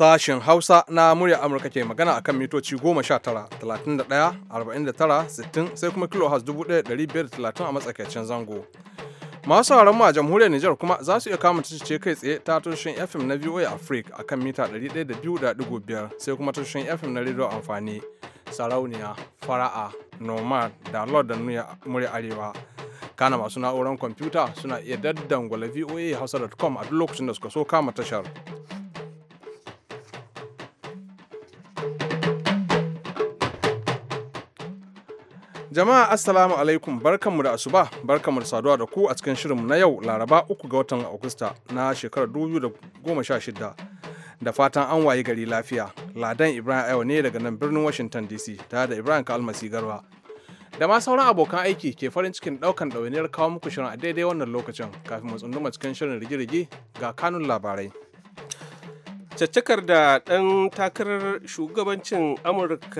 sashen Hausa na murya Amurka ke magana akan mitoci 19, 31, 60 sai kuma kilohaz 1530 a matsakaicin zango. Masu sauraron mu a jamhuriyar Nijar kuma za su iya kama ce kai tsaye ta tushen FM na VOA Africa akan mita 102.5 sai kuma tushen FM na Radio Amfani, Sarauniya, Fara'a, Nomad da Lord da Murya Arewa. Kana masu na'urar kwamfuta suna iya daddangwala voa hausa.com a duk lokacin da suka so kama tashar. Jama'a Assalamu alaikum barkanmu da asuba barkanmu da saduwa da ku a cikin shirinmu na yau Laraba 3 ga watan Agusta na shekarar 2016 da fatan an waye gari lafiya. Ladan Ibrahim Ayo ne daga nan birnin Washington DC tare da Ibrahim Kalmasi Garba. Da ma sauran abokan aiki ke farin cikin daukan dawainiyar kawo muku shirin a daidai wannan lokacin kafin mu tsunduma cikin shirin rigi ga kanun labarai. caccakar da ɗan takarar shugabancin amurka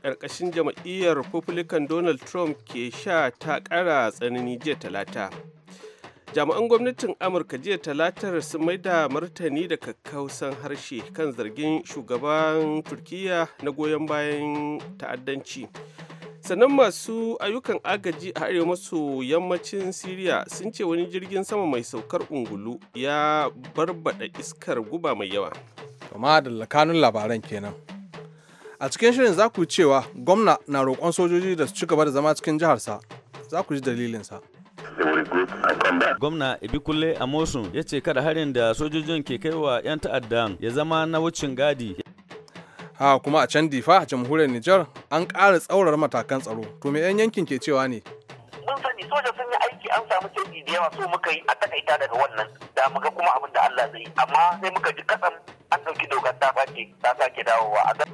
ƙarƙashin jam'iyyar republican donald trump ke sha ta ƙara tsanani jiya talata jami'an gwamnatin amurka jiya talatar sun maida martani da kakkausan harshe kan zargin shugaban Turkiyya na goyon bayan ta'addanci sannan masu ayyukan agaji a arewa maso yammacin siriya sun ce wani jirgin sama mai saukar ungulu ya barbada iskar guba mai yawa kama da lakanun labaran kenan a cikin shirin za ku cewa gwamna na roƙon sojoji da su ci gaba da zama cikin jiharsa za ku ji dalilinsa Gwamna Ibikule Amosun ya ce kada harin da sojojin ke kaiwa 'yan ta'adda ya zama na wucin gadi a kuma a can difa jamhuriyar Nijar an ƙara tsaurar matakan tsaro to me 'yan yankin ke cewa ne mun sani soja sun yi aiki an samu canji da yawa so muka yi a takaita daga wannan da muka kuma abin da Allah zai amma sai muka ji kasan an ɗauki dogar ta sake ta sake dawowa a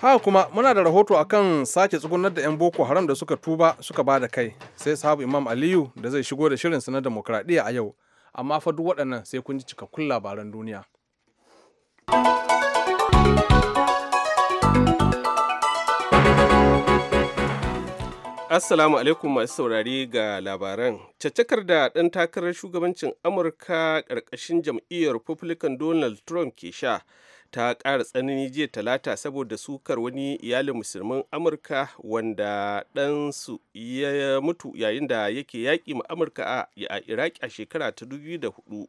ha kuma muna da rahoto akan sake tsugunar da 'yan boko haram da suka tuba suka ba da kai sai sabu imam aliyu da zai shigo da shirinsa na demokradiyya a yau amma fa duk waɗannan sai kun ji cikakkun labaran duniya. thank you Assalamu alaikum masu saurari ga labaran. Caccakar da ɗan takarar shugabancin Amurka ƙarƙashin jam'iyyar Republican Donald Trump ke sha ta ƙara tsanani jiya talata saboda sukar wani iyalin musulmin Amurka wanda ɗansu ya mutu yayin da yake yaƙi ma Amurka a Iraki a shekara ta 2004.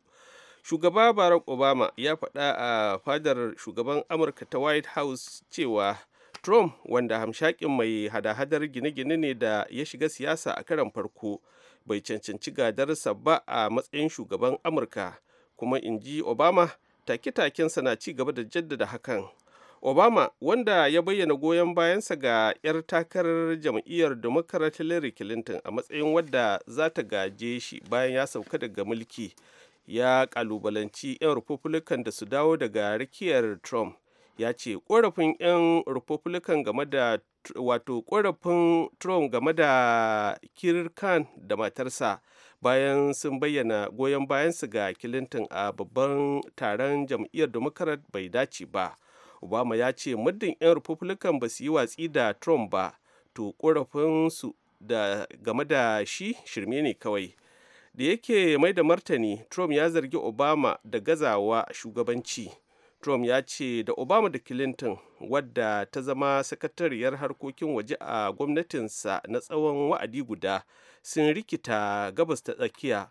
Shugaba Barack Obama ya faɗa a fadar shugaban Amurka ta White House cewa Trump wanda hamshakin mai hada-hadar gine-gine ne da ya shiga siyasa a karan farko bai cancanci gadarsa ba a matsayin shugaban Amurka kuma in ji Obama take-takensa na ci gaba da jaddada hakan. Obama wanda ya bayyana goyon bayansa ga 'yar takarar jam'iyyar Democrat Hillary Clinton a matsayin wadda za ta gaje shi bayan ya sauka daga mulki ya kalubalanci 'yan Republican da su dawo daga rikiyar Trump. ya ce korafin 'yan republican game da wato korafin trump game da kirkan da matarsa bayan sun bayyana goyon bayansu ga clinton a babban taron jam'iyyar democrat bai dace ba obama ya ce muddin 'yan republican ba su yi watsi da trump ba to korafinsu da game da shi shirme ne kawai da yake mai da martani trump ya zargi obama da gazawa shugabanci trump ya ce da obama da clinton wadda ta zama sakatariyar harkokin waje a gwamnatinsa na tsawon wa'adi guda sun rikita gabas ta tsakiya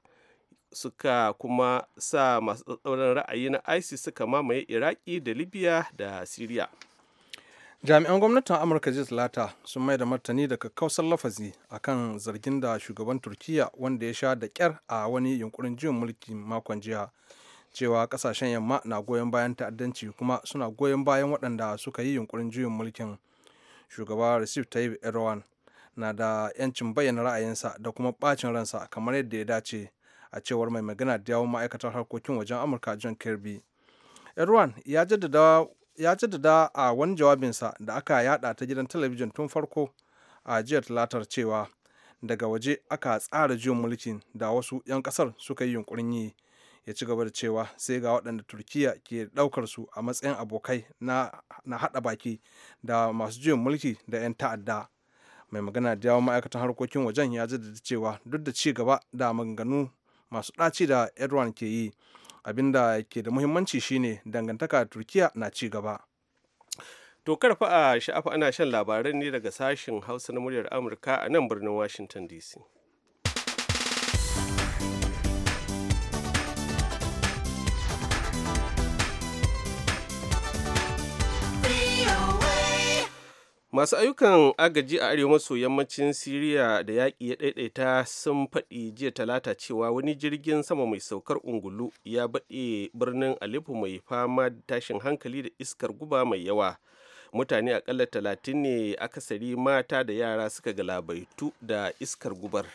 suka kuma sa masu tsatsauran ra'ayi na isis suka mamaye iraki da libya da syria jami'an gwamnatin amurka jiya talata sun mai da martani da kakkausar lafazi kan zargin da shugaban turkiya wanda ya sha da kyar a wani yunkurin jin mulkin makon jiya cewa kasashen yamma na goyon bayan ta'addanci kuma suna goyon bayan waɗanda suka yi yunkurin juyin mulkin shugaba recep tayyip erdogan na da 'yancin bayyana ra'ayinsa da kuma bacin ransa kamar yadda ya dace a cewar mai magana da yawon ma'aikatar harkokin wajen amurka john kirby erdogan ya jaddada ya jaddada a wani jawabinsa da aka yada ta gidan talabijin tun farko a jiya talatar cewa daga waje aka tsara juyin mulkin da wasu 'yan kasar suka yi yunkurin yi ya ci gaba da cewa sai ga waɗanda turkiya ke ɗaukar su a matsayin abokai na haɗa baki da masu juyin mulki da 'yan ta'adda mai magana da yawon ma'aikatan harkokin wajen ya jaddada cewa duk da ci gaba da maganganu masu ɗaci da erdogan ke yi abin da ke da muhimmanci shine dangantaka turkiya na ci gaba to karfa a sha'afa ana shan labaran ne daga sashen hausa na muryar amurka a nan birnin washington dc masu ayyukan agaji a arewa maso yammacin siriya da yaƙi ya ɗaiɗaita sun faɗi jiya talata cewa wani jirgin sama mai saukar ungulu ya baɗe birnin aleppo mai fama da tashin hankali da iskar guba mai yawa mutane akalla talatin ne akasari mata da yara suka galabaitu da iskar gubar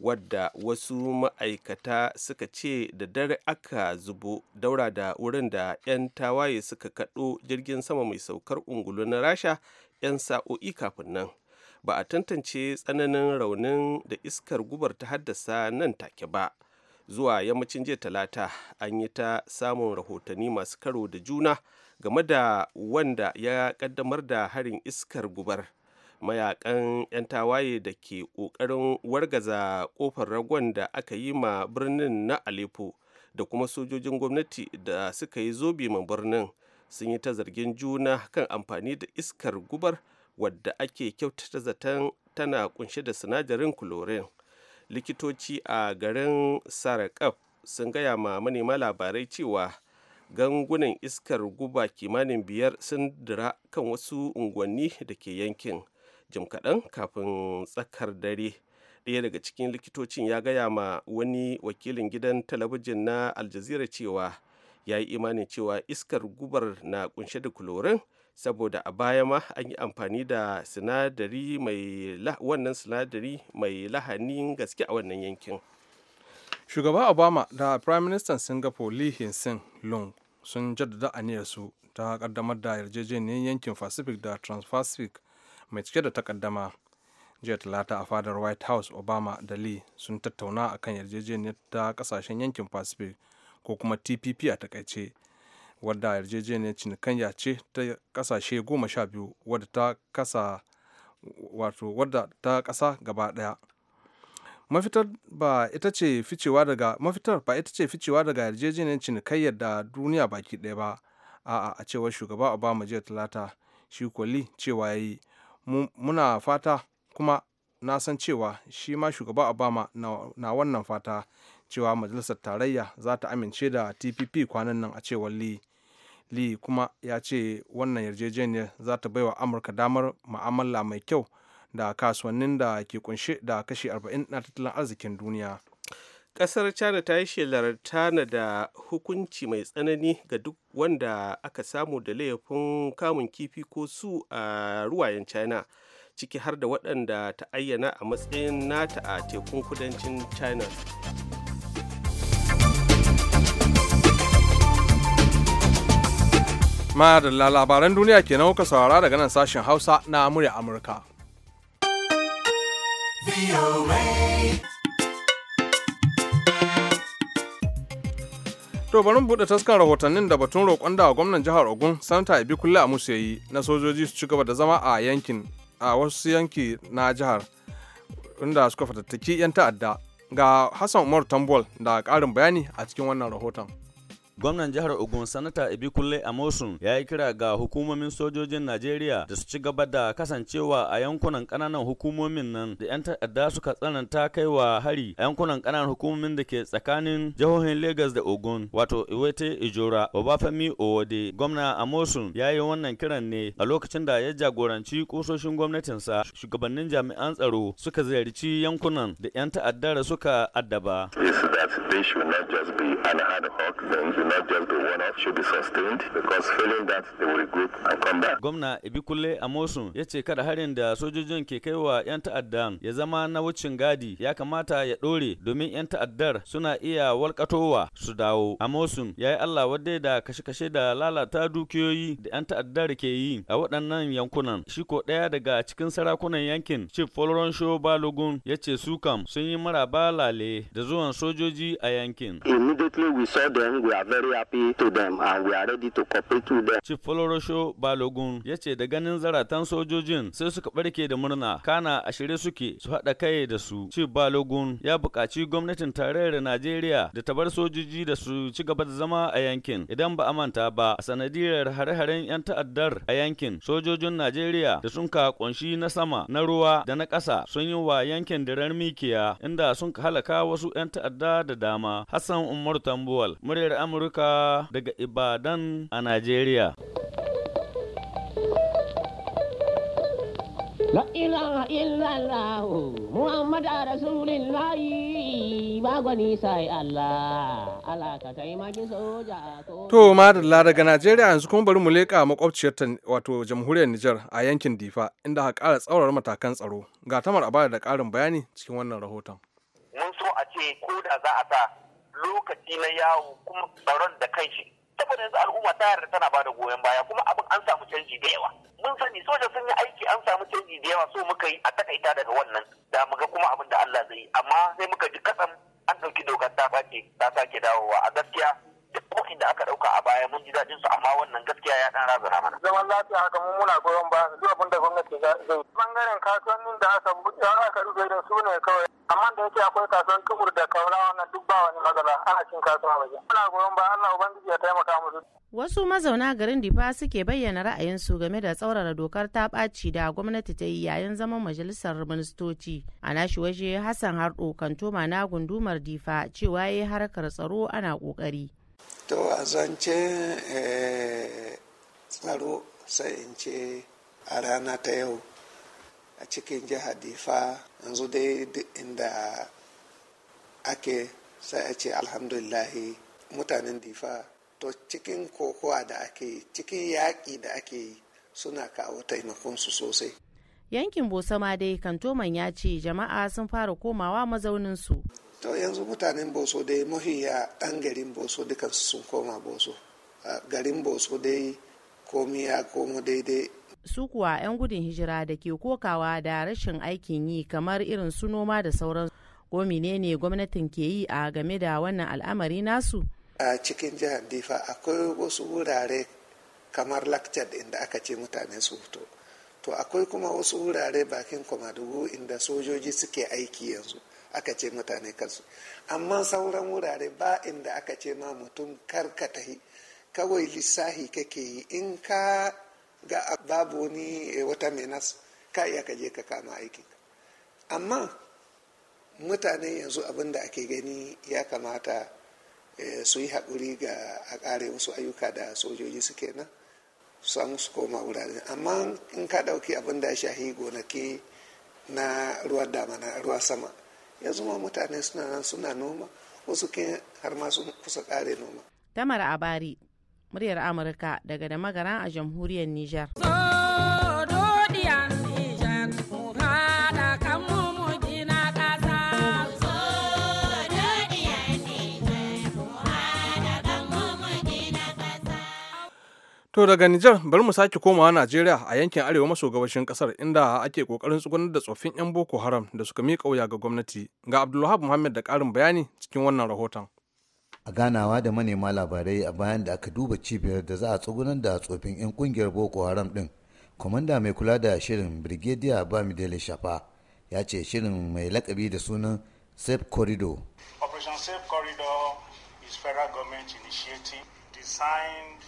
wadda wasu ma'aikata suka ce da dare aka zubo daura da wurin da 'yan tawaye suka kaɗo jirgin sama mai saukar ungulu na rasha 'yan sa'o'i kafin nan ba a tantance tsananin raunin da iskar gubar ta haddasa nan take ba zuwa yammacin jiya talata an yi ta samun rahotanni masu karo da juna game da wanda ya kaddamar da harin iskar gubar mayakan 'yan tawaye da ke ƙoƙarin wargaza ƙofar ragon da aka yi ma birnin na aleppo da kuma sojojin gwamnati da suka yi zobe ma birnin sun yi ta zargin juna kan amfani da iskar gubar wadda ake kyautata zaton tana kunshe da sinadarin chlorine likitoci a garin sarakaf sun gaya ma manema labarai cewa gangunan iskar guba kimanin biyar sun dira kan wasu unguwanni da ke yankin jim kaɗan kafin tsakar dare ɗaya daga cikin likitocin ya gaya ma wani wakilin gidan talabijin na aljazira cewa ya yi imanin cewa iskar gubar na kunshe da kulorin saboda a baya ma an yi amfani da sinadari mai wannan sinadari mai lahanin gaske a wannan yankin shugaba obama da prime minister singapore lee hsien lung sun jaddada su ta kaddamar da yarjejeniyar yankin pacific da trans mai cike da takaddama jiya talata a fadar white house obama da lee sun tattauna akan yarjejeniyar ta kasashen yankin pacific ko kuma tpp a takaice wadda yarjejeniyar cinikayya ce ta kasashe goma sha biyu wadda ta kasa wato gaba daya mafitar ba ita ce ficewa daga yarjejeniyar cinikayyar da duniya baki ɗaya ba a'a a cewar shugaba obama jiya talata shi kwali cewa ya yi muna fata kuma na san cewa shi ma shugaba obama na wannan fata cewa majalisar tarayya za ta amince da tpp kwanan nan a cewar li lee kuma ya ce wannan yarjejeniyar za ta baiwa amurka damar ma'amala mai kyau da kasuwannin da ke kunshe da kashi 40 na tattalin arzikin duniya kasar china ta yi shelar tana da hukunci mai tsanani ga duk wanda aka samu da laifin kamun kifi ko su a ruwayen china ciki har da waɗanda ta ayyana a matsayin nata a tekun kudancin china Madalla labaran duniya kenan kuka saurara daga nan sashen Hausa na murya Amurka. To barin buɗe taskan rahotannin da batun roƙon da gwamnan jihar Ogun Santa Ibi Kulle musu yi na sojoji su ci gaba da zama a yankin a wasu yanki na jihar inda suka fatattaki 'yan ta'adda ga Hassan Umar Tambol da ƙarin bayani a cikin wannan rahoton. Gwamnan jihar Ogun Sanata ebikule Amosun ya yi kira ga hukumomin sojojin Najeriya da su ci gaba da kasancewa a yankunan kananan hukumomin nan da 'yan ta'adda suka tsananta kaiwa hari a yankunan kananan hukumomin da ke tsakanin jihohin Legas da Ogun wato Iwete Ijora Obafemi Owode. Gwamna Amosun ya yi wannan kiran ne a lokacin da ya jagoranci kusoshin gwamnatinsa shugabannin jami'an tsaro suka ziyarci yankunan da 'yan ta'addar suka addaba. they should not just be not just the one off should be sustained because failing that they will regroup and come back. Gwamna Ibikulle Amosun ya ce kada harin da sojojin ke kai wa 'yan ta'addan ya zama na wucin gadi ya kamata ya ɗore domin 'yan ta'addar suna iya walƙatowa su dawo. Amosun ya yi Allah wadai da kashe-kashe da lalata dukiyoyi da 'yan ta'addar ke yi a waɗannan yankunan. Shi ko ɗaya daga cikin sarakunan yankin Chief Foloronsho Balogun ya ce su kam sun yi maraba lale da zuwan sojoji a yankin. Immediately we saw them we are very happy to them and we are ready to cooperate with them. Chief Folorosho Balogun ya ce da ganin zaratan sojojin sai suka barke da murna kana a shirye suke su haɗa kai da su. Chief Balogun ya bukaci gwamnatin tarayyar Najeriya da ta bar sojoji da su ci gaba da zama a yankin idan ba a manta ba a sanadiyar hare-haren 'yan ta'addar a yankin sojojin Najeriya da sun ka kunshi na sama na ruwa da na ƙasa sun yi wa yankin ran mikiya inda sun halaka wasu 'yan ta'adda da dama. Hassan Umar Tambuwal, muryar Amurka Amurka daga Ibadan a Najeriya. La ilaha illallah Muhammad Rasulullah ba gwani sai Allah Allah ka taimaki soja To madalla daga Najeriya yanzu kuma bari mu leka makwabciyar ta wato jamhuriyar Nijar a yankin Difa inda aka ƙara tsaurar matakan tsaro ga tamar a da ƙarin bayani cikin wannan rahoton Mun so a ce ko da za a sa lokaci na yawo kuma tsaron da kai shi saboda yanzu al'umma ta yarda tana bada goyon baya kuma abin an samu canji da yawa mun sani soja sun yi aiki an samu canji da yawa so muka yi a takaita daga wannan da muga kuma abin da Allah zai yi amma sai muka ji kasan an ɗauki dokar ta sake ta sake dawowa a gaskiya kokin da aka dauka a baya mun ji dadin su amma wannan gaskiya ya dan razana mana zaman lafiya haka mun muna goyon ba su abin da gwamnati za ta yi bangaren kasuwannin da aka buɗe aka rufe da su ne kawai amma da yake akwai kasuwan tukur da kaula wannan duk ba wani magana ana cin kasuwa waje muna goyon ba Allah ubangiji ya taimaka musu Wasu mazauna garin Difa suke bayyana ra'ayinsu game da tsaurara dokar ta ɓaci da gwamnati ta yi yayin zaman majalisar ministoci. A nashi waje Hassan Hardo Kantoma na gundumar Difa cewa ya yi harkar tsaro ana ƙoƙari. to a zancen eh, tsaro sai in ce a rana ta yau a cikin jihar difa yanzu dai inda ake sai a ce mutanen difa to cikin kokowa da ake yi cikin yaƙi da ake yi suna kawo taimakonsu sosai yankin bosama dai kantoman ya ce jama'a sun fara komawa mazauninsu to yanzu mutanen boso dai mafiya ɗan garin boso dukan sun koma boso garin boso dai komi ya komo daidai su kuwa 'yan gudun hijira da ke kokawa da rashin aikin yi kamar irin su noma da sauran ko menene gwamnatin ke yi a game da wannan al'amari nasu a cikin jihar difa akwai wasu wurare kamar lakcad inda aka ce mutane su fito to akwai kuma wasu wurare bakin kwamadugu inda sojoji suke aiki yanzu aka ce mutane kansu amma sauran wurare ba inda aka ce ma mutum karkata yi kawai lissahi kake yi in ka ga babu wani eh, wata menas ka iya ka je ka kama aikin amma mutane yanzu abin da ake gani ya kamata eh, su yi haƙuri ga a ƙare wasu ayyuka da sojoji suke nan samu su koma wurare amma in ka ɗauki abin da ya shahi gonaki na ruwan damana ruwa sama yanzu ma mutane suna nan suna noma wasu ke har ma sun kusa kare noma tamar abari muryar amurka daga da magaran a jamhuriyar nijar To daga Nijar bari mu sake komawa Najeriya a yankin arewa maso gabashin kasar inda ake kokarin tsugunar da tsoffin 'yan Boko Haram da suka miƙa wuya ga gwamnati. Ga Abdulwahab Muhammad da ƙarin bayani cikin wannan rahoton. a ganawa da manema labarai a bayan da aka duba cibiyar da za a tsugunar da tsofin 'yan kungiyar boko haram din kwamanda mai kula da shirin brigadier bamidele shafa ya ce shirin mai lakabi da sunan safe corridor operation safe corridor is federal government initiative designed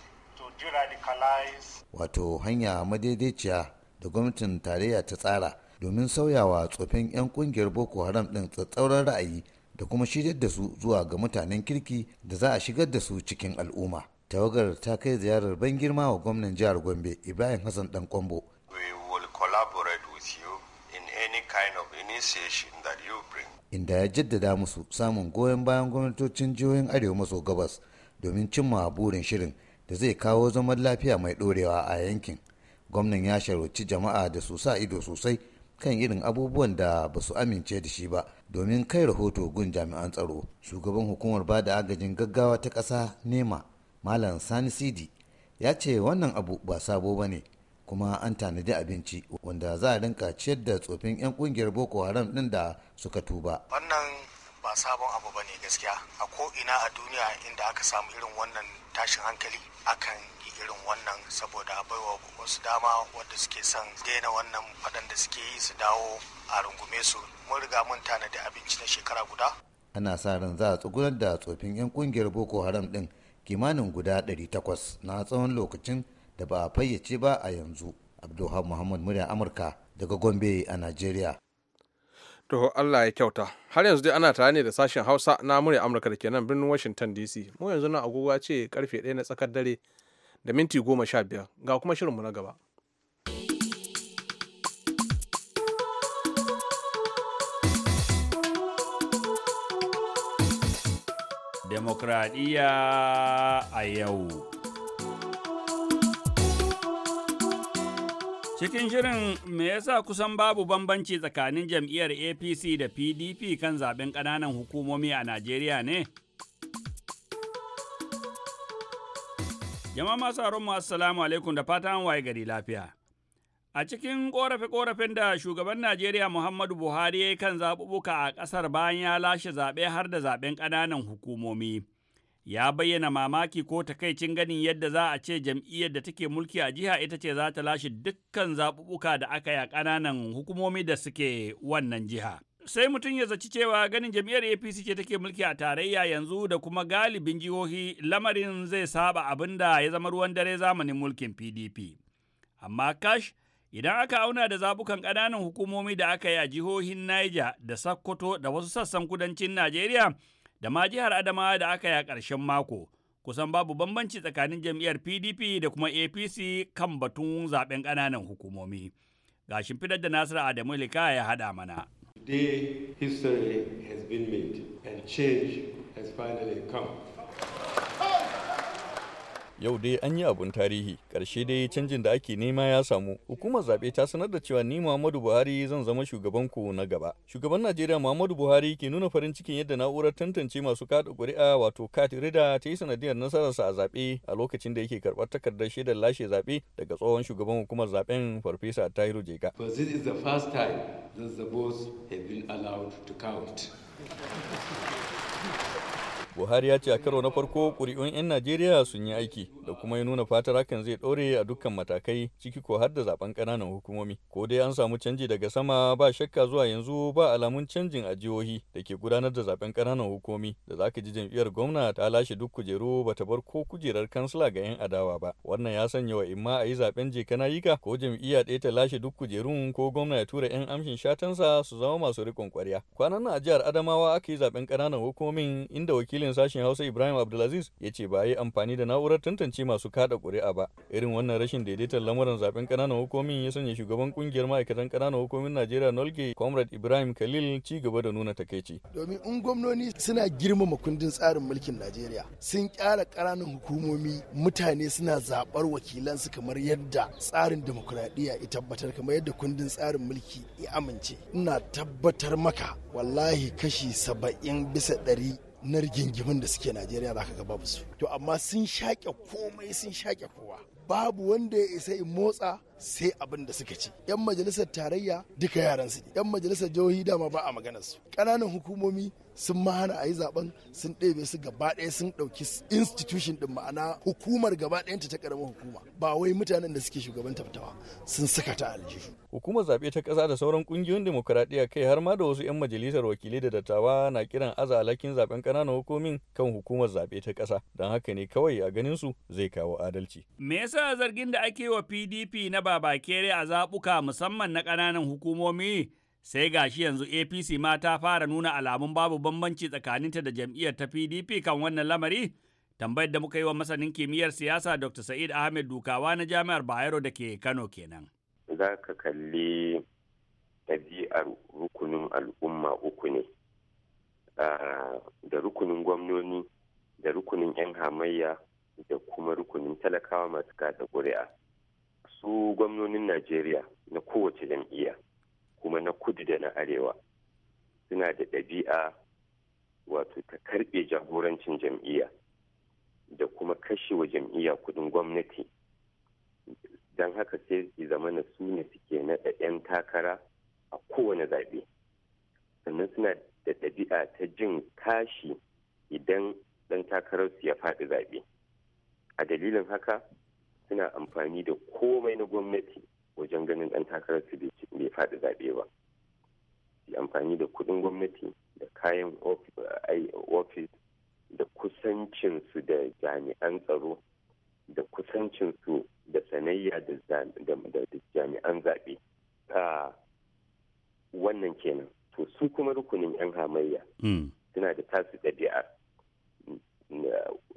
deradicalize. Wato hanya madaidaiciya da gwamnatin tarayya ta tsara domin sauyawa tsofin 'yan kungiyar Boko Haram ɗin tsatsauran ra'ayi da kuma shiryar da su zuwa ga mutanen kirki da za a shigar da su cikin al'umma. Tawagar ta kai ziyarar ban girma wa gwamnan jihar Gombe Ibrahim Hassan Dan Kwambo. will collaborate with in any kind of initiation Inda ya jaddada musu samun goyon bayan gwamnatocin jihohin Arewa maso gabas domin cimma burin shirin da zai kawo zaman lafiya mai ɗorewa a yankin gwamnan ya sharoci jama'a da su sa ido sosai kan irin abubuwan da ba su amince da shi ba domin kai rahoto gun jami'an tsaro shugaban hukumar ba da agajin gaggawa ta ƙasa nema malam sani sidi ya ce wannan abu ba sabo ba ne kuma an tanadi abinci wanda za a rinka ciyar da tsofin 'yan kungiyar boko haram din da suka tuba wannan ba sabon abu ba ne gaskiya a ko ina a duniya inda aka samu irin wannan tashin hankali akan yi irin wannan saboda a baiwa wasu dama wadda suke son daina wannan waɗanda suke yi su dawo a rungume su mun riga mun tanadi abinci na shekara guda ana sa ran za a tsugunar da tsofin 'yan kungiyar boko haram din kimanin guda 800 na tsawon lokacin da ba a fayyace ba a yanzu abdulhamu muhammad murya amurka daga gombe a nigeria. To Allah ya kyauta. Har yanzu dai ana tare ne da sashen Hausa na murya Amurka da ke nan birnin Washington DC. Mu yanzu na agogo ce karfe 1 na tsakar dare da minti goma sha biyar. Ga kuma shirinmu na gaba. Demokradiyya a yau. Cikin shirin me yasa kusan babu bambanci tsakanin jam'iyyar APC da PDP kan zaben ƙananan hukumomi a Najeriya ne? Jama'a masu aron masu salamu alaikum da fatan waye gari lafiya. A cikin ƙorafe-ƙorafen da shugaban Najeriya Muhammadu Buhari ya yi kan zaɓuɓɓuka a ƙasar bayan ya lashe zaɓe har da zaɓen ƙananan hukumomi. ya bayyana mamaki ko takaicin ganin yadda za a ce jam'iyyar da take mulki a jiha ita ce za ta lashe dukkan zaɓuɓɓuka da aka yi ƙananan hukumomi da suke wannan jiha. Sai mutum ya zaci cewa ganin jam'iyyar APC ce take mulki a tarayya yanzu da kuma galibin jihohi lamarin zai saba abin da ya zama ruwan dare zamanin mulkin PDP. Amma kash idan aka auna da zabukan ƙananan hukumomi da aka yi a jihohin Niger da Sakkoto da wasu sassan kudancin Najeriya da ma jihar Adamawa da aka yi a ƙarshen mako. Kusan babu bambanci tsakanin jam'iyyar PDP da kuma APC kan batun zaben ƙananan hukumomi. Ga shimfidar da Nasiru Adamu Lika ya haɗa mana. Today history has been made and change has finally come. yau dai an yi abun tarihi ƙarshe dai canjin da ake nema ya samu hukumar zaɓe ta sanar da cewa ni muhammadu buhari zan zama shugaban ku na gaba shugaban najeriya muhammadu buhari ke nuna farin cikin yadda na'urar tantance masu kaɗa ƙuri'a wato kat rida ta yi sanadiyar nasararsa a zaɓe a lokacin da yake karɓar takardar shaidar lashe zaɓe daga tsohon shugaban hukumar zaɓen farfesa tahiru jega. because this is the first time that the have been allowed to count. Buhari ya ce a karo na farko ƙuri'un 'yan Najeriya sun yi aiki da kuma ya nuna fatar hakan zai ɗore a dukkan matakai ciki ko har da zaben ƙananan hukumomi. Ko dai an samu canji daga sama ba shakka zuwa yanzu ba alamun canjin a jihohi da ke gudanar da zaben ƙananan hukumomi da zaka ji jam'iyyar gwamna ta lashe duk kujeru ba ta bar ko kujerar kansila ga 'yan adawa ba. Wannan ya sanya wa imma a yi zaben je kana yika ko jam'iyya ɗaya ta lashe duk kujerun ko gwamna ya tura 'yan amshin shatansa su zama masu riƙon kwarya. Kwanan nan a jihar Adamawa aka yi zaben ƙananan hukumomin inda wakilin wakilin sashen hausa ibrahim abdulaziz ya ce ba a yi amfani da na'urar tantance masu kada ƙuri'a ba irin wannan rashin daidaitar lamuran zaben ƙananan hukumin ya sanya shugaban kungiyar ma'aikatan ƙananan hukumin najeriya nolge comrade ibrahim khalil ci gaba da nuna takaici domin in gwamnoni suna girmama kundin tsarin mulkin najeriya sun kyara ƙananan hukumomi mutane suna zaɓar wakilansu kamar yadda tsarin demokuraɗiyya ya tabbatar kamar yadda kundin tsarin mulki ya amince ina tabbatar maka wallahi kashi saba'in bisa ɗari na rigingimin da suke najeriya za ka ga babu su to amma sun shaƙe komai sun shaƙe kowa babu wanda ya isa in motsa sai abin da suka ci yan majalisar tarayya duka yaran su yan majalisar jihohi dama ba a maganar su kananan hukumomi sun mahana a yi zaben sun ɗebe su gaba ɗaya sun ɗauki institution din ma'ana hukumar gaba ɗayanta ta ƙaramin hukuma ba wai mutanen da suke shugaban fitawa sun saka ta aljihu. Hukumar zaɓe ta ƙasa da sauran ƙungiyoyin demokuraɗiyya kai har ma da wasu 'yan majalisar wakilai da dattawa na kiran aza alhakin zaɓen ƙananan hukumin kan hukumar zaɓe ta ƙasa don haka ne kawai a ganin su zai kawo adalci. Me yasa zargin da ake wa PDP na ba ba babakere a zaɓuka musamman na ƙananan hukumomi sai gashi yanzu apc ma ta fara nuna alamun babu bambanci tsakaninta da jam'iyyar ta pdp kan wannan lamari tambayar da muka yi wa masanin kimiyyar siyasa dr sa'id ahmed dukawa na jami'ar bayero da ke kano kenan za ka kalli ɗabi'ar rukunin al'umma uku ne da rukunin gwamnoni da rukunin 'yan hamayya da kuma rukunin talakawa masu kada ƙuri'a su gwamnonin najeriya na kowace jam'iyya kuma na kudu da na arewa suna da ɗabi'a wato ta karɓe jagorancin jam'iyya da kuma kashe wa jam'iyya kudin gwamnati don haka sai su zama na su suke naɗa 'yan takara a kowane zaɓe sannan suna da ɗabi'a ta jin kashi idan ɗan takararsu ya faɗi zaɓe a dalilin haka suna amfani da komai na gwamnati wajen ganin ɗan takarar su bai faɗi zaɓe ba yi amfani da kuɗin gwamnati da kayan ofis da kusancinsu da jami'an tsaro da kusancinsu da sanayya da jami'an zaɓe ta wannan kenan to su kuma rukunin 'yan hamayya hmm. suna da tasu ɗabi'a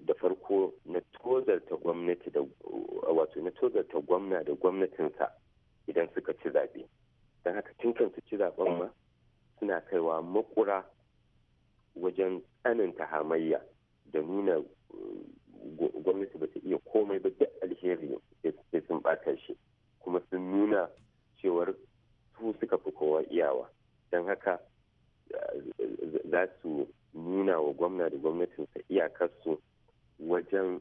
da farko na tozarta gwamnati da wato na tozarta gwamna da gwamnatinsa idan suka ci zaɓe don haka tun kan su ci zaɓen ma suna kaiwa makura wajen tsananta hamayya da nuna gwamnati ba ta iya komai ba duk alheri sai sun ɓata shi kuma sun nuna cewar su suka fi kowa iyawa don haka gwamna da gwamnatinsa iyakarsu wajen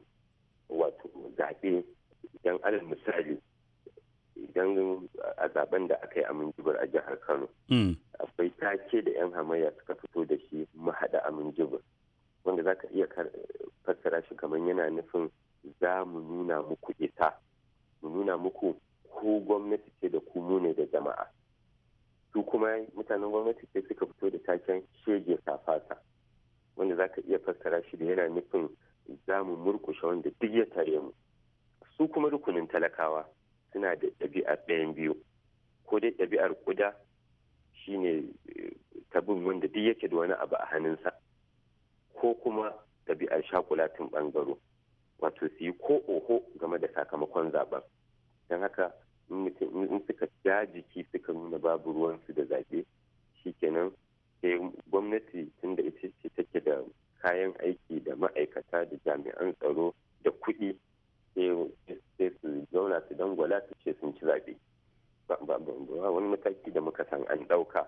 wato zaɓe idan alal misali idan a zaben da aka yi a minjibir a jihar kano mm. akwai take da 'yan hamayya suka fito da shi mu haɗa a minjibir wanda za ka iya fassara shi kamar yana nufin za mu nuna muku ita mu nuna muku ko gwamnati ce da ku mu da jama'a su kuma mutanen gwamnati ce suka fito da taken shege safasa za ka iya fassara shi da yana nufin za mu murkushe wanda duk ya tare mu su kuma rukunin talakawa suna da ɗabi'ar ɗayan biyu ko dai ɗabi'ar ƙuda shine eh, tabin wanda duk yake da wani abu a hannunsa ko kuma ɗabi'ar shakulatin ɓangaro wato su yi ko oho game da sakamakon zaben don haka in suka ja jiki suka nuna babu ruwansu da zaɓe shikenan eh gwamnati tunda ita ce take da kayan aiki da ma'aikata da jami'an tsaro da kuɗi sai su zauna su dangwala su ce sun ci zaɓe ba wani mataki da muka san an ɗauka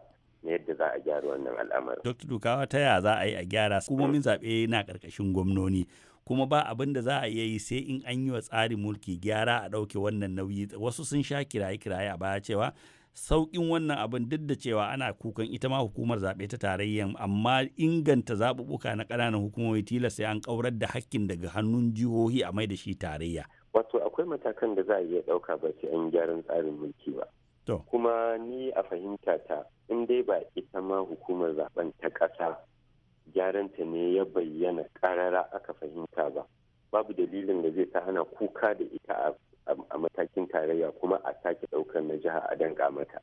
na yadda za a gyara wannan al'amarin. Dr. Dukawa ta yaya za a yi a gyara hukumomin zaɓe na ƙarƙashin gwamnoni kuma ba abin da za a iya yi sai in an yi wa tsarin mulki gyara a ɗauke wannan nauyi wasu sun sha kiraye-kiraye a baya cewa sauƙin wannan abin duk da cewa ana kukan ita ma hukumar zaɓe ta tarayya amma inganta zaɓuɓɓuka na ƙananan hukumomi tilas sai an ƙaurar da hakkin daga hannun jihohi a mai da shi tarayya. Wato akwai matakan da za a iya ɗauka ba sai an gyaran tsarin mulki ba. Kuma ni a fahimta ta in dai ba ita ma hukumar zaɓen ta ƙasa gyaran ta ne ya bayyana ƙarara aka fahimta ba. Babu dalilin da zai ta ana kuka da ita a a matakin tarayya kuma a sake ɗaukar na jiha a danka mata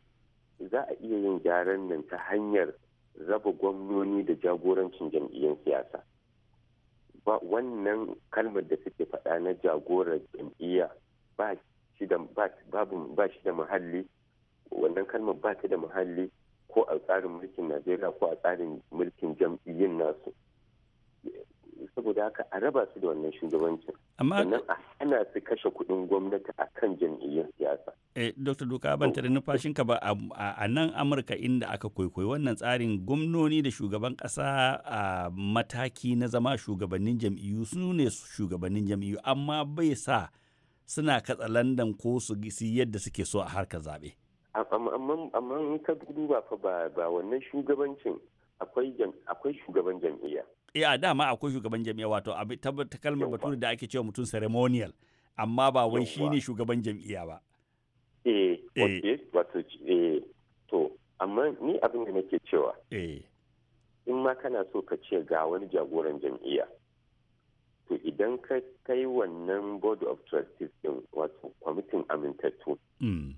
za a iya yin gyaran nan ta hanyar raba gwamnoni da jagorancin jam'iyyar siyasa ba wannan kalmar da suke faɗa na jagorar jam'iyya ba shi da muhalli wannan kalmar ba ta da muhalli ko a tsarin mulkin najeriya ko a tsarin mulkin jam'iyyun nasu saboda haka a raba su da wannan shugabancin amma a ana su kashe kudin gwamnati a kan jam'iyyar siyasa. Eh, Dr. Duka ban da numfashinka ba a nan Amurka inda aka kwaikwayi wannan tsarin gwamnoni da shugaban kasa a mataki na zama shugabannin jam'iyyu su ne shugabannin jam'iyyu amma bai sa suna katsa landan ko su gisi yadda suke so a harkar zaɓe. Amma ka duba fa ba wannan shugabancin akwai shugaban jam'iyya eh, a dama akwai shugaban jam'iyya wato A ta kalmar bature da ake cewa mutum ceremonial amma ba wai shi ne shugaban jam'iyya ba eh, eh. wato eh to amma ni abin da nake cewa eh in ma kana so ka ce ga wani jagoran jam'iyya to idan ka kai wannan board of trustees din wato kwamitin amintattu hmm.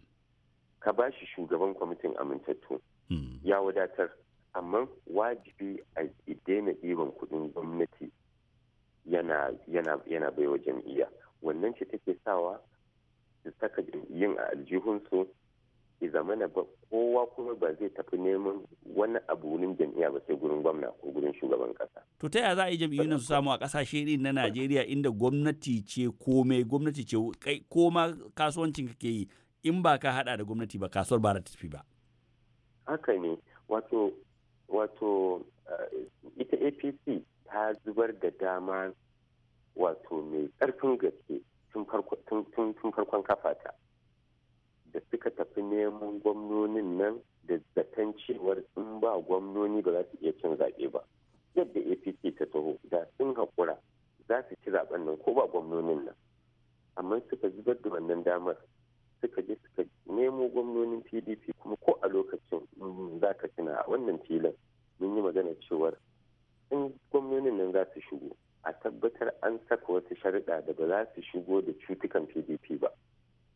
ka ba shi shugaban kwamitin amintattu hmm. ya wadatar amma wajibi a daina ɗiban kuɗin gwamnati yana yana yana baiwa jam'iyya wannan ce take sawa su saka jam'iyyun a aljihunsu ya zamana ba kowa kuma ba zai tafi neman wani abu wurin jam'iyya ba sai gurin gwamna ko gurin shugaban kasa. To ta yaya za a yi jam'iyyun su samu a kasashe irin na Najeriya inda gwamnati ce komai gwamnati ce kai ko ma kasuwancin kake yi in ba ka hada da gwamnati ba kasuwar ba ta tafi ba. Haka ne wato wato eh, ita apc ta zubar da dama wato mai ƙarfin gaske tun farkon kafata da suka tafi neman gwamnonin nan da zaton cewar sun ba gwamnoni ba za su iya cin zaɓe ba yadda apc ta taho da sun haƙura za su ci zaɓen nan ko ba gwamnonin nan amma suka zubar da wannan damar suka je suka nemo gwamnonin pdp kuma ko a lokacin mm, za ka tuna a wannan filin mun yi magana cewar in gwamnonin nan za su shigo a tabbatar an saka wata sharuɗa da ba za su shigo da cutukan pdp ba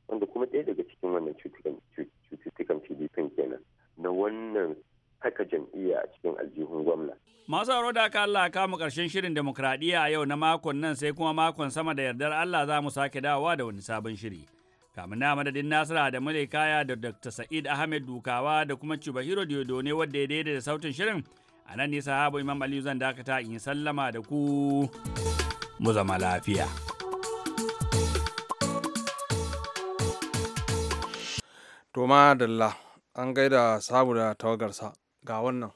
wanda kuma ɗaya daga cikin wannan cututtukan pdp kenan na wannan saka jam'iyya a cikin aljihun gwamna. Masu aro da aka Allah kama karshen shirin demokradiyya a yau na makon nan sai kuma makon sama da yardar Allah za mu sake dawowa da wani sabon shiri. kamun na madadin nasara da mule kaya da dr sa'id ahmed dukawa da kuma cuba hiro diodo ne wadda ya daidai da sautin shirin a nan nisa habu imam aliyu zan dakata in sallama da ku mu zama lafiya to ma an gaida sabu da tawagarsa ga wannan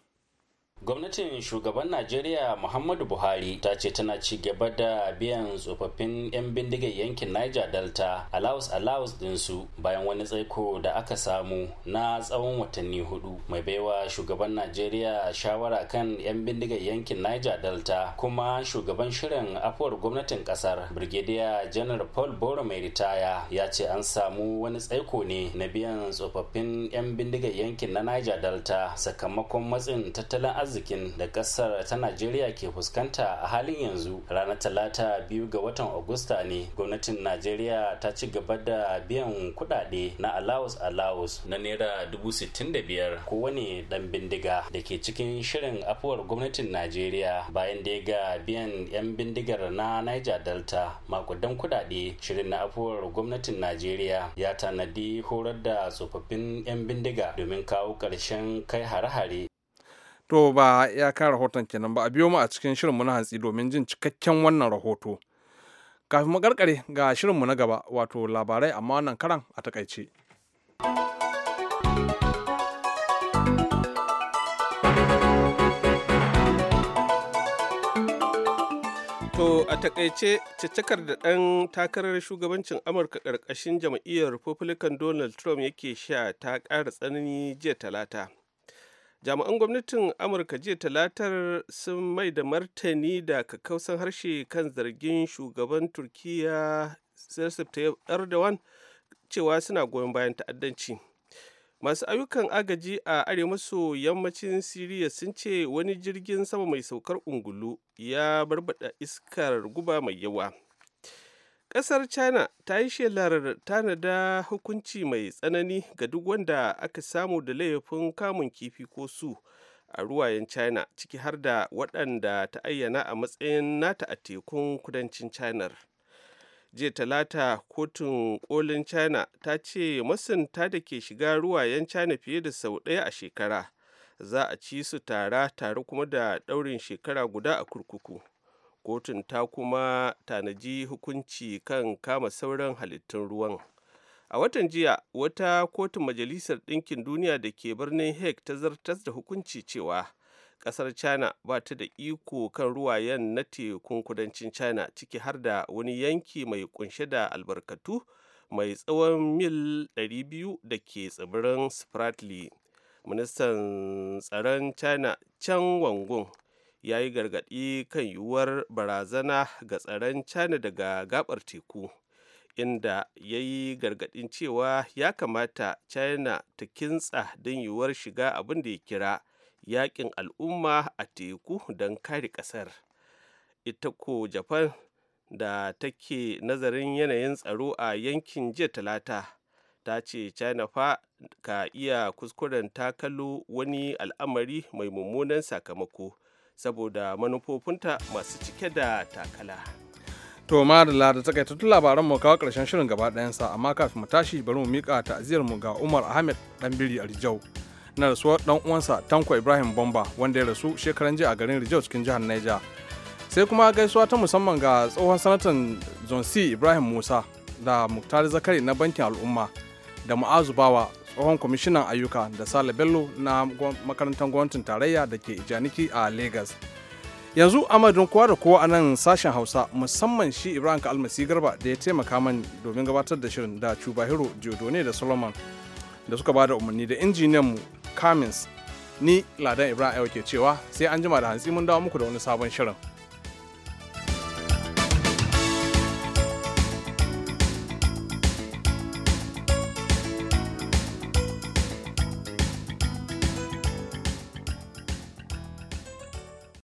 gwamnatin shugaban najeriya muhammadu buhari ta ce tana ci gaba da biyan tsofaffin 'yan bindigar yankin niger delta Allows allowance dinsu bayan wani tsaiko da aka samu na tsawon watanni hudu mai baiwa shugaban najeriya shawara kan 'yan bindigar yankin niger delta kuma shugaban shirin afuwar gwamnatin kasar brigadier Janar paul boro mai ritaya ya ce an samu wani tsaiko ne na biyan tsofaffin 'yan bindigar yankin na niger delta sakamakon matsin tattalin arziki arzikin da kasar ta najeriya ke fuskanta a halin yanzu ranar talata biyu ga watan agusta ne gwamnatin najeriya ta ci gaba da biyan kudade na alawus alawus na naira dubu sittin da biyar kowane dan bindiga da ke cikin shirin afuwar gwamnatin najeriya bayan da ya ga biyan yan bindigar na niger delta makudan kudade shirin na afuwar gwamnatin najeriya ya tanadi horar da tsofaffin yan bindiga domin kawo ƙarshen kai hare-hare to ba ya ka rahoton kenan ba a biyo mu a cikin shirinmu na hantsi domin jin cikakken wannan rahoto kafin mu karkare ga shirinmu na gaba wato labarai amma wannan karan a takaice To a takaice cicikar da ɗan takarar shugabancin Amurka ƙarƙashin jam'iyyar Republican Donald Trump yake sha ta ƙara tsanani jiya talata jami'an gwamnatin amurka jiya talatar sun mai da martani da kakkausan harshe kan zargin shugaban turkiya recep tayyip erdogan cewa suna goyon bayan ta'addanci masu ayyukan agaji a arewa maso yammacin siriya sun ce wani jirgin sama mai saukar ungulu ya barbada iskar guba mai yawa kasar China ta yi shelar tanada hukunci mai tsanani ga duk wanda aka samu da laifin kamun kifi ko su a ruwayen China ciki har da waɗanda ta ayyana a matsayin nata a tekun kudancin China. jiya talata kotun kolin china ta ce masunta da ke shiga ruwayen china fiye da sau ɗaya a shekara za a ci su tara tare kuma da ɗaurin shekara guda a kurkuku kotun ta kuma tanaji hukunci kan kama sauran halittun ruwan a watan jiya wata kotun majalisar ɗinkin duniya da ke birnin hague ta zartas da hukunci cewa ƙasar china ba ta da iko kan ruwayen na tekun kudancin china ciki har da wani yanki mai kunshe da albarkatu mai tsawon mil 200 da ke tsibirin spratly ministan tsaron china chang wangun ya yi gargaɗi kan yiwuwar barazana ga tsaron china daga gabar teku inda ya yi gargaɗin cewa ya kamata china ta kintsa don yiwuwar shiga abin da ya kira yakin al'umma a teku don kare ƙasar ita ko japan da take nazarin yanayin tsaro a yankin jiya talata ta ce china fa ka iya kuskuren takalo wani al'amari mai mummunan sakamako saboda manufofinta masu cike da takala. To madalla da takaita tun labaran mu kawo karshen shirin gaba ɗayansa amma kafin mu tashi bari mu mika ta'aziyar mu ga Umar Ahmed Danbiri a Rijau na rasuwar dan uwansa Tanko Ibrahim Bomba wanda ya rasu shekaran jiya a garin Rijau cikin jihar Niger. Sai kuma gaisuwa ta musamman ga tsohon sanatan John C Ibrahim Musa da Muktari Zakari na bankin al'umma da Mu'azu Bawa tsohon kwamishinan ayyuka da sale bello na makarantar gwamnatin tarayya da ke janiki a lagos yanzu madadin kowa da kowa a nan sashen hausa musamman shi ibrahim almasi garba da ya taimaka man domin gabatar da shirin da cubahiro ne da solomon da suka bada umarni da injiniyan mu kamins ni ladan ibrahim ke cewa sai an jima da hantsi mun dawo muku da wani sabon shirin